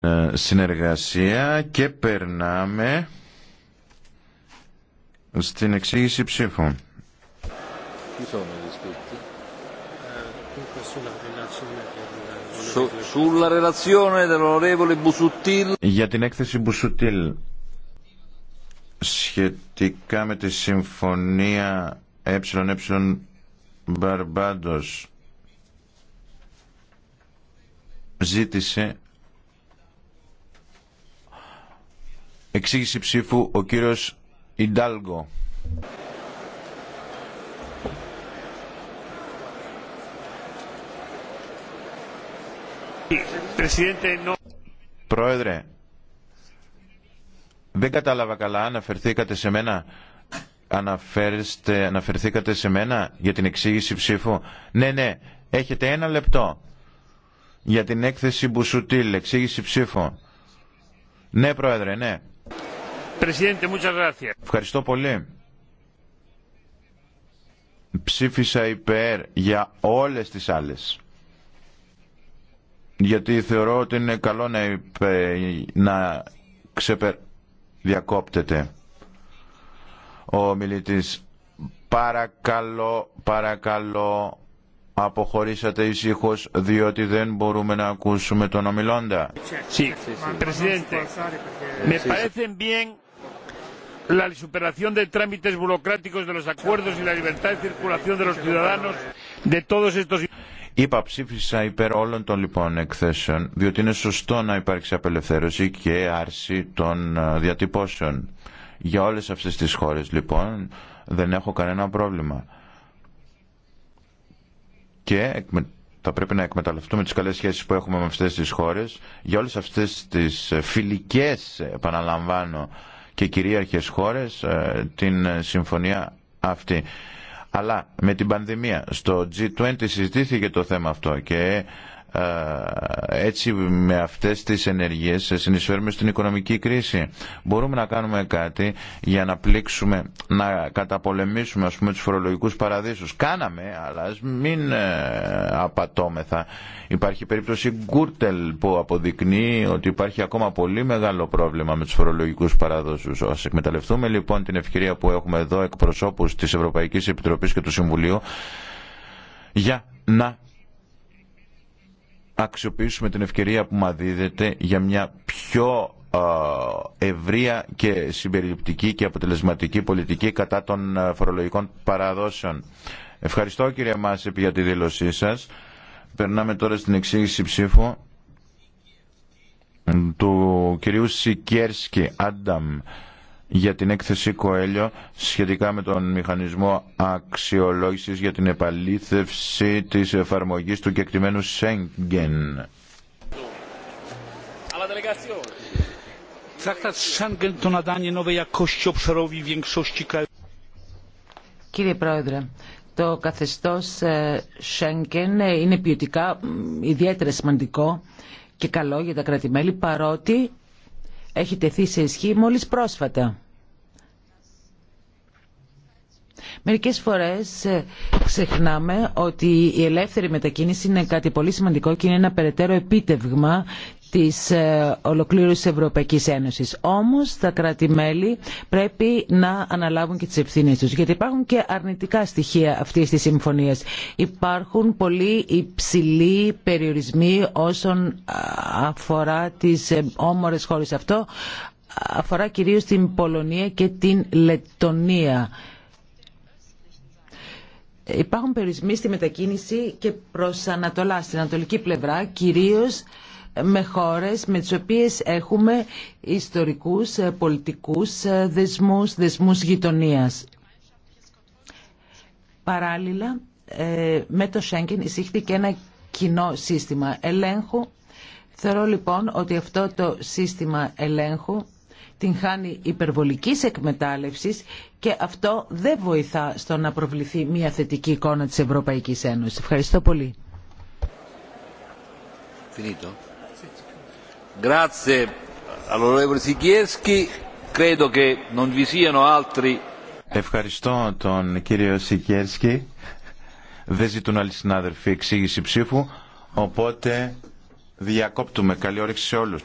Ε, συνεργασία και περνάμε στην εξήγηση ψήφων. Για την έκθεση Μπουσουτήλ σχετικά με τη συμφωνία ΕΕ Μπαρμπάντος ζήτησε Εξήγηση ψήφου ο κύριος Ιντάλγκο. Πρόεδρε, δεν κατάλαβα καλά, αναφερθήκατε σε μένα. Αναφέρεστε, αναφερθήκατε σε μένα για την εξήγηση ψήφου. Ναι, ναι, έχετε ένα λεπτό για την έκθεση Μπουσουτήλ, εξήγηση ψήφου. Ναι, Πρόεδρε, ναι. Ευχαριστώ πολύ. Ψήφισα υπέρ για όλες τις άλλες. Γιατί θεωρώ ότι είναι καλό να, υπε... να ξεπερ... διακόπτεται ο μιλητής. Παρακαλώ, παρακαλώ, αποχωρήσατε ησύχω διότι δεν μπορούμε να ακούσουμε τον ομιλώντα. Sí. Sí, sí la superación de υπέρ όλων των λοιπόν εκθέσεων, διότι είναι σωστό να υπάρξει απελευθέρωση και άρση των ε, διατυπώσεων. Για όλες αυτές τις χώρες λοιπόν δεν έχω κανένα πρόβλημα. Και θα πρέπει να εκμεταλλευτούμε τις καλές σχέσεις που έχουμε με αυτές τις χώρες για όλες αυτές τις ε, φιλικές, επαναλαμβάνω, και κυρίαρχες χώρες ε, την συμφωνία αυτή. Αλλά με την πανδημία στο G20 συζητήθηκε το θέμα αυτό και έτσι με αυτές τις ενεργείες συνεισφέρουμε στην οικονομική κρίση. Μπορούμε να κάνουμε κάτι για να πλήξουμε, να καταπολεμήσουμε ας πούμε τους φορολογικούς παραδείσους. Κάναμε, αλλά ας μην ε, απατώμεθα. Υπάρχει περίπτωση Γκούρτελ που αποδεικνύει ότι υπάρχει ακόμα πολύ μεγάλο πρόβλημα με τους φορολογικούς παραδείσους. Ας εκμεταλλευτούμε λοιπόν την ευκαιρία που έχουμε εδώ εκπροσώπους της Ευρωπαϊκής Επιτροπής και του Συμβουλίου για να αξιοποιήσουμε την ευκαιρία που μας δίδεται για μια πιο ευρεία και συμπεριληπτική και αποτελεσματική πολιτική κατά των φορολογικών παραδόσεων. Ευχαριστώ κύριε Μάσεπ για τη δήλωσή σας. Περνάμε τώρα στην εξήγηση ψήφου του κυρίου Σικέρσκη Άνταμ για την έκθεση Κοέλιο σχετικά με τον μηχανισμό αξιολόγησης για την επαλήθευση της εφαρμογής του κεκτημένου Σέγγεν. Κύριε Πρόεδρε, το καθεστώς Σέγγεν ε, είναι ποιοτικά ιδιαίτερα σημαντικό και καλό για τα κράτη-μέλη παρότι έχει τεθεί σε ισχύ μόλις πρόσφατα. Μερικές φορές ε, ξεχνάμε ότι η ελεύθερη μετακίνηση είναι κάτι πολύ σημαντικό και είναι ένα περαιτέρω επίτευγμα της ε, ολοκλήρωσης της Ευρωπαϊκής Ένωσης. Όμως τα κράτη-μέλη πρέπει να αναλάβουν και τις ευθύνες τους, γιατί υπάρχουν και αρνητικά στοιχεία αυτής της συμφωνίας. Υπάρχουν πολύ υψηλοί περιορισμοί όσον αφορά τις ε, όμορες χώρες. Αυτό αφορά κυρίως την Πολωνία και την Λετονία. Υπάρχουν περιορισμοί στη μετακίνηση και προς Ανατολά, στην Ανατολική πλευρά, κυρίως με χώρες με τις οποίες έχουμε ιστορικούς ε, πολιτικούς ε, δεσμούς, δεσμούς γειτονίας. Παράλληλα, ε, με το Σέγγεν εισήχθηκε ένα κοινό σύστημα ελέγχου. Θεωρώ λοιπόν ότι αυτό το σύστημα ελέγχου την χάνει υπερβολικής εκμετάλλευσης και αυτό δεν βοηθά στο να προβληθεί μια θετική εικόνα της Ευρωπαϊκής Ένωσης. Ευχαριστώ πολύ. Finito. Ευχαριστώ τον κύριο Σικέρσκι. Δεν ζητούν άλλοι συνάδελφοι εξήγηση ψήφου, οπότε διακόπτουμε. Καλή όρεξη σε όλους.